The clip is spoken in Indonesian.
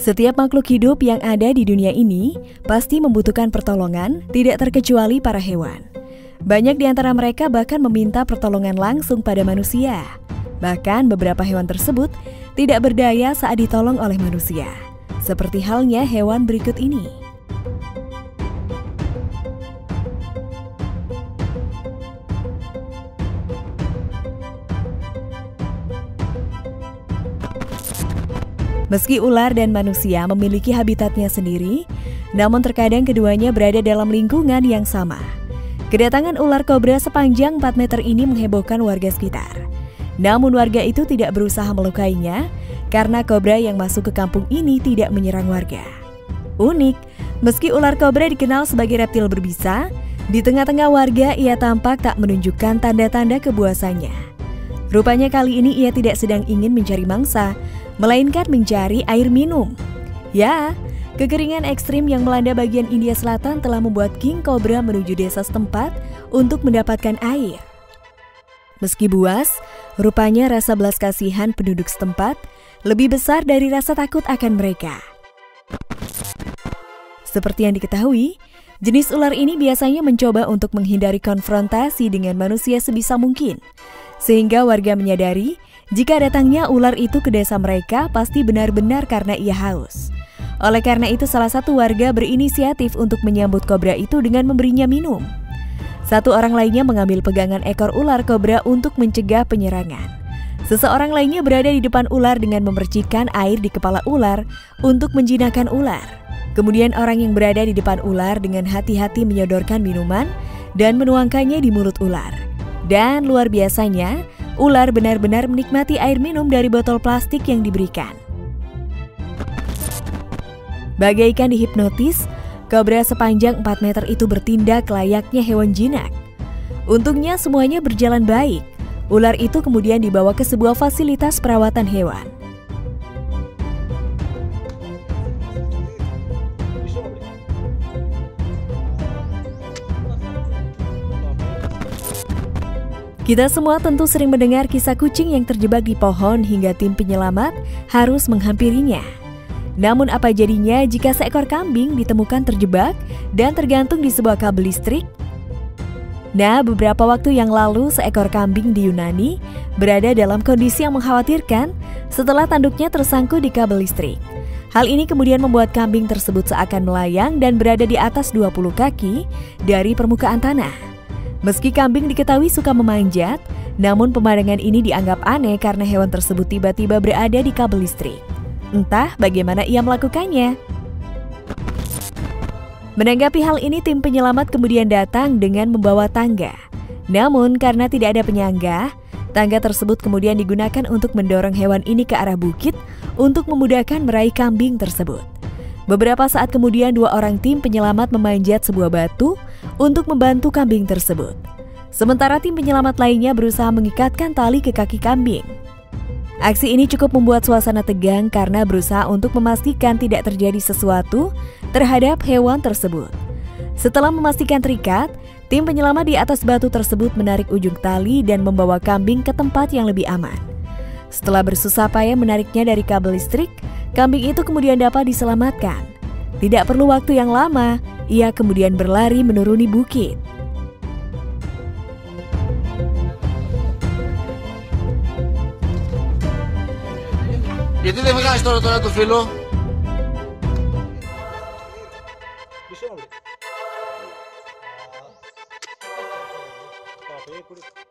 Setiap makhluk hidup yang ada di dunia ini pasti membutuhkan pertolongan, tidak terkecuali para hewan. Banyak di antara mereka bahkan meminta pertolongan langsung pada manusia. Bahkan beberapa hewan tersebut tidak berdaya saat ditolong oleh manusia. Seperti halnya hewan berikut ini. Meski ular dan manusia memiliki habitatnya sendiri, namun terkadang keduanya berada dalam lingkungan yang sama. Kedatangan ular kobra sepanjang 4 meter ini menghebohkan warga sekitar. Namun warga itu tidak berusaha melukainya karena kobra yang masuk ke kampung ini tidak menyerang warga. Unik, meski ular kobra dikenal sebagai reptil berbisa, di tengah-tengah warga ia tampak tak menunjukkan tanda-tanda kebuasannya. Rupanya kali ini ia tidak sedang ingin mencari mangsa, melainkan mencari air minum. Ya, kekeringan ekstrim yang melanda bagian India Selatan telah membuat King Cobra menuju desa setempat untuk mendapatkan air. Meski buas, rupanya rasa belas kasihan penduduk setempat lebih besar dari rasa takut akan mereka. Seperti yang diketahui, jenis ular ini biasanya mencoba untuk menghindari konfrontasi dengan manusia sebisa mungkin, sehingga warga menyadari jika datangnya ular itu ke desa mereka, pasti benar-benar karena ia haus. Oleh karena itu, salah satu warga berinisiatif untuk menyambut kobra itu dengan memberinya minum. Satu orang lainnya mengambil pegangan ekor ular kobra untuk mencegah penyerangan. Seseorang lainnya berada di depan ular dengan memercikan air di kepala ular untuk menjinakkan ular. Kemudian orang yang berada di depan ular dengan hati-hati menyodorkan minuman dan menuangkannya di mulut ular. Dan luar biasanya, ular benar-benar menikmati air minum dari botol plastik yang diberikan. Bagaikan dihipnotis, kobra sepanjang 4 meter itu bertindak layaknya hewan jinak. Untungnya semuanya berjalan baik. Ular itu kemudian dibawa ke sebuah fasilitas perawatan hewan. Kita semua tentu sering mendengar kisah kucing yang terjebak di pohon hingga tim penyelamat harus menghampirinya. Namun apa jadinya jika seekor kambing ditemukan terjebak dan tergantung di sebuah kabel listrik? Nah, beberapa waktu yang lalu seekor kambing di Yunani berada dalam kondisi yang mengkhawatirkan setelah tanduknya tersangkut di kabel listrik. Hal ini kemudian membuat kambing tersebut seakan melayang dan berada di atas 20 kaki dari permukaan tanah. Meski kambing diketahui suka memanjat, namun pemandangan ini dianggap aneh karena hewan tersebut tiba-tiba berada di kabel listrik. Entah bagaimana ia melakukannya. Menanggapi hal ini, tim penyelamat kemudian datang dengan membawa tangga. Namun, karena tidak ada penyangga, tangga tersebut kemudian digunakan untuk mendorong hewan ini ke arah bukit untuk memudahkan meraih kambing tersebut. Beberapa saat kemudian, dua orang tim penyelamat memanjat sebuah batu untuk membantu kambing tersebut. Sementara tim penyelamat lainnya berusaha mengikatkan tali ke kaki kambing. Aksi ini cukup membuat suasana tegang karena berusaha untuk memastikan tidak terjadi sesuatu terhadap hewan tersebut. Setelah memastikan terikat, tim penyelamat di atas batu tersebut menarik ujung tali dan membawa kambing ke tempat yang lebih aman. Setelah bersusah payah menariknya dari kabel listrik, kambing itu kemudian dapat diselamatkan. Tidak perlu waktu yang lama, ia kemudian berlari menuruni bukit. Γιατί δεν βγάζει τώρα, τώρα το φίλο. Μισό